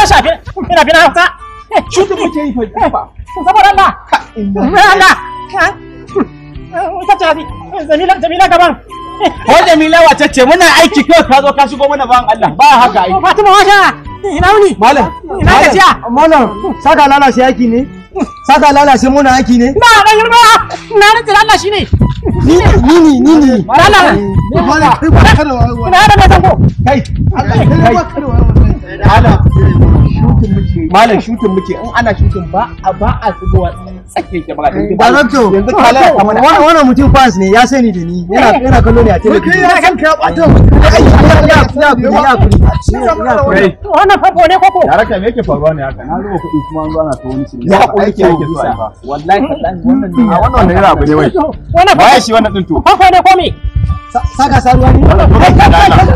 na shafi ina fi na hausa shudin yi fa eh, Allah eh, jamila gaban ko jamila wace ce muna aiki kawai ka zo ka shigo mana Allah ba haka oh, Fatima ina wuni malam ina malam saka lalace aiki ne saka lalace muna aiki ne na rantsi ni ni ni ni ni malam malam malam shutin muke in ana shutin ba a ba a zubowa tsakiyar kyamara ke ba yanzu kala wannan mutum fans ne ya sani da ni yana yana kallo ne a television kai kan ka bata ya ya ya ya wannan fafo ne koko ya raka me yake faruwa ne haka na zuba kuɗi kuma an zo ana ta wani shi ya kuɗi yake yake so ba wallahi wannan wannan ne abu ne wai wannan ba shi wannan din to fafo ne ko me saka saruwa ne wannan ka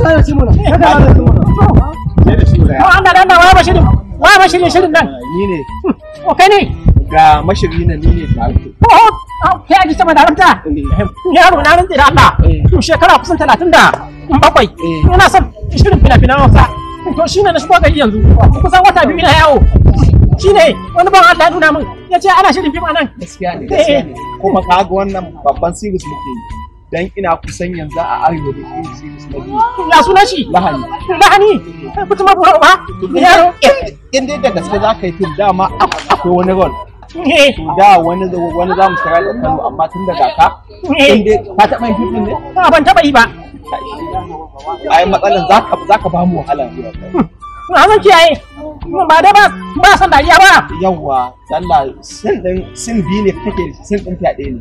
ka ka ka ka shirin wa ma shirye shirin ah, nan ni ne o ah, kai ne ga mashiri nan ni ne oh kai aji sama da ranta yaro na rantsi da Allah eh. shekara kusan talatin da bakwai eh. ina son shirin fina-finan wasa to shine na shigo gari yanzu kusan wata biyu na yawo shine wani ban Allah nuna min ya ce ana shirin fim anan gaskiya ne gaskiya ne eh, kuma kaga wannan babban series muke yi dan ina kusan yanzu a arewa da zai yi na biyu. Ya suna shi? Lahani. Lahani? Mutum abu ba? Yaro? Eh, in dai da gaske za ka yi fil dama akwai wani gol eh. To da wani wani za mu kira da Kano amma tun daga ka. Eh. In dai ka taɓa yin fil ne? Ba ban taɓa yi ba. Ai matsalan za ka ba mu wahala. Hmm. Na san kiyaye. ba dai ba ba san dariya ba Yawwa, Allah sin din sin bi ne kake sin din fyaɗe ne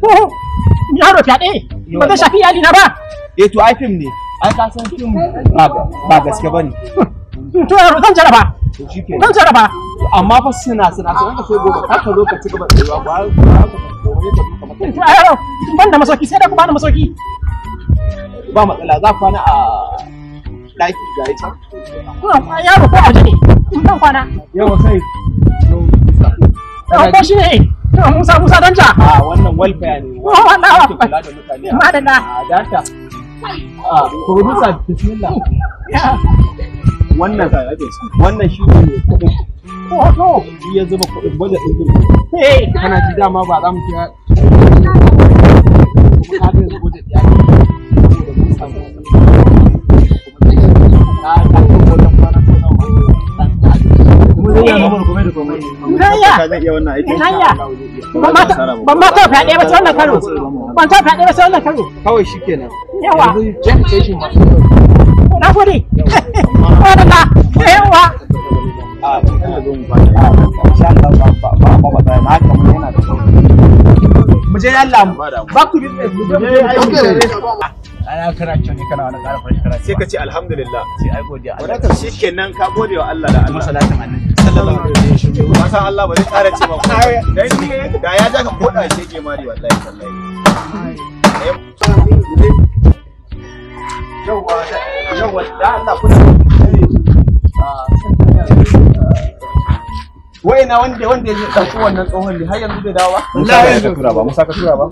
yaro fyaɗe ba zai shafi iyali na ba eh to ai film ne ai ka san fim ba gaske bane to yaro zan jaraba zan jaraba amma fa suna suna sai ka sai gobe haka lokaci gaba tsayuwa ba ba ban da masauki sai da ku ba da masauki ba matsala za ku kwana a ɗaki ga ita. Kuna kwa yaro ko waje ne? kwana. Yawa ko shi ne? Musa Musa A wannan welfare ne. da data. producer bismillah. Wannan wannan shi ne Shi ya zuba kuɗin baje eh. Kana ji dama ba za mu Kuma ka ga iya komai da ma ba sai wannan karo ban ba yawa na yawa je ku ana karatu ne kana wani ƙara farin sai ka ce alhamdulillah sai ai godiya Allah ka gode wa Allah da Allah masalatin annabi sallallahu alaihi wasallam ba san Allah ba zai ƙara ce ba dan shi da ya ja ka koda shege mari wallahi wallahi yawa yawa da Allah wai na wanda wanda ya wannan tsohon ne har yanzu bai dawo ba musa ka tura ba musa tura ba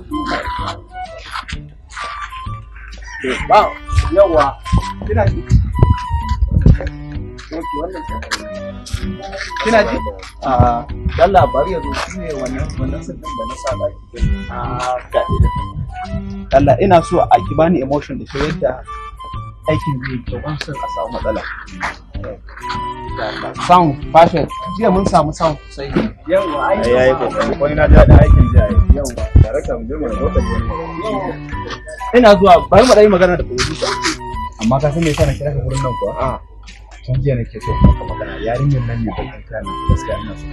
ba yawa kina ji kina ji a ah, dan labari yanzu shi ne wannan wannan sirrin da na sa da ke a gaɗe da Allah ina so a ki bani emotion da shi yadda aikin zai yi kyau son a samu matsala sound fashion jiya mun samu sound sosai yawa ai yayi kokari ko ina da aikin jiya yawa ina zuwa bari mu dai magana da producer amma ka san me yasa na kira ka gurin nan kuwa a ah. tun jiya nake so maka magana yarinyar nan ne bakin kayan nan gaskiya ina so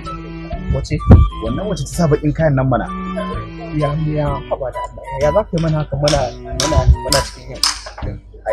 wace wannan wace ta sa bakin kayan nan mana ya ya haba da Allah ya za ka yi mana haka mana mana mana cikin yau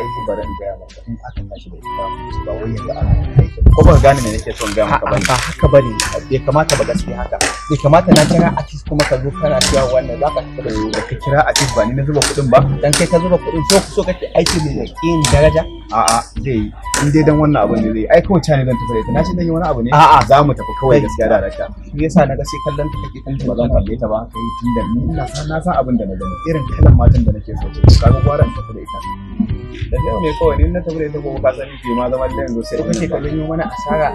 aiki bari in gaya maka in aka tashi da ba wai yanzu ana aiki ko ba gane me nake son gaya maka ba haka bane bai kamata ba haka bai kamata na kira artist kuma ka zo kana cewa wannan za ka da ka kira artist ba ni na zuba kuɗin ba dan kai ka zuba kuɗin so so kake aiki mai daraja a'a zai yi in dai dan wannan abin da zai ai kawai cani zan tafi da ita na ce dan yi wani abu ne a'a za mu tafi kawai gaskiya da raka shi yasa na ga sai kallon ta kake kallon ba zan kalle ta ba kai tun da ni ina san na san abin da na gani irin kalan matan da nake so ce kaga gwaran ta da ita da yau ne kawai ni na tafi da ita ko ka san ni ma zaman da yanzu sai kake kallon yi mana asara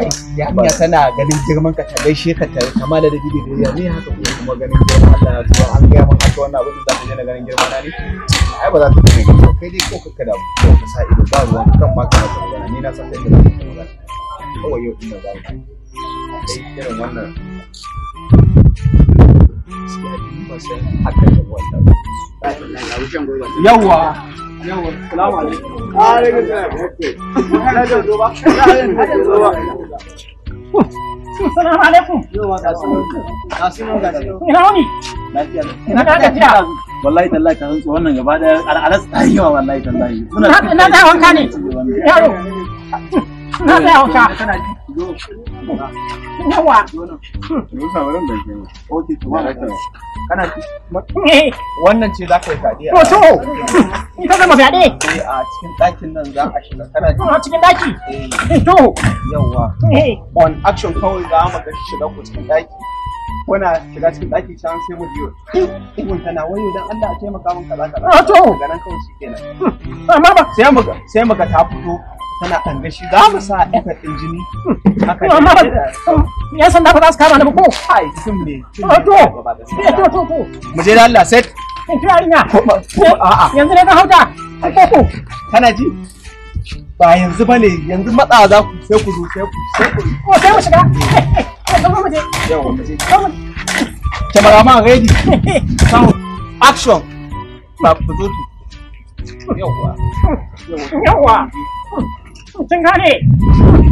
ai ya hanya tana ganin girman ka ta gaishe ka ta kamala da bidiyo ya ne haka kuma ganin girman Allah ya tuba maka wannan abin da za ka daina ganin girma na ne ai ba za ta daina girma kai dai ko da ko ka sa ido ba ruwan kan ma ka na san kai da za ka kawai yau ina ka dai irin wannan yawwa yawwa salamu alaikum ah, lafiya ina ka gajiya wallahi tallahi ka hantsu wannan gaba da al'alas ta yi wallahi tallahi suna na da wanka ne yaro na da wanka yawa eh. wannan ce za ka yi fadiya to to ita zama fade eh, a cikin ɗakin nan za a shiga kana ji a cikin ɗaki eh. to yawa on action kawai za mu ga shiga ku cikin ɗaki kuna shiga cikin ɗaki can sai mu biyo ihun tana wayo dan Allah a taimaka min kaza kaza a ah, to shi kenan hmm. ba sai mu ta fito tana za mu sa effort jini hmm. haka ya san da za su kama ni ba ko ai sun ne ah, a eh, to to to da Allah set kin eh, kira eh, yanzu ne ka hauta kana ji ba yanzu bane yanzu matsa za ku sai ku zo sai ku sai ku ko oh, sai mu shiga hmm. Cameraman ready. Sound. Action. Ba ku zo tu. Yawwa. Yawwa. Kin gane?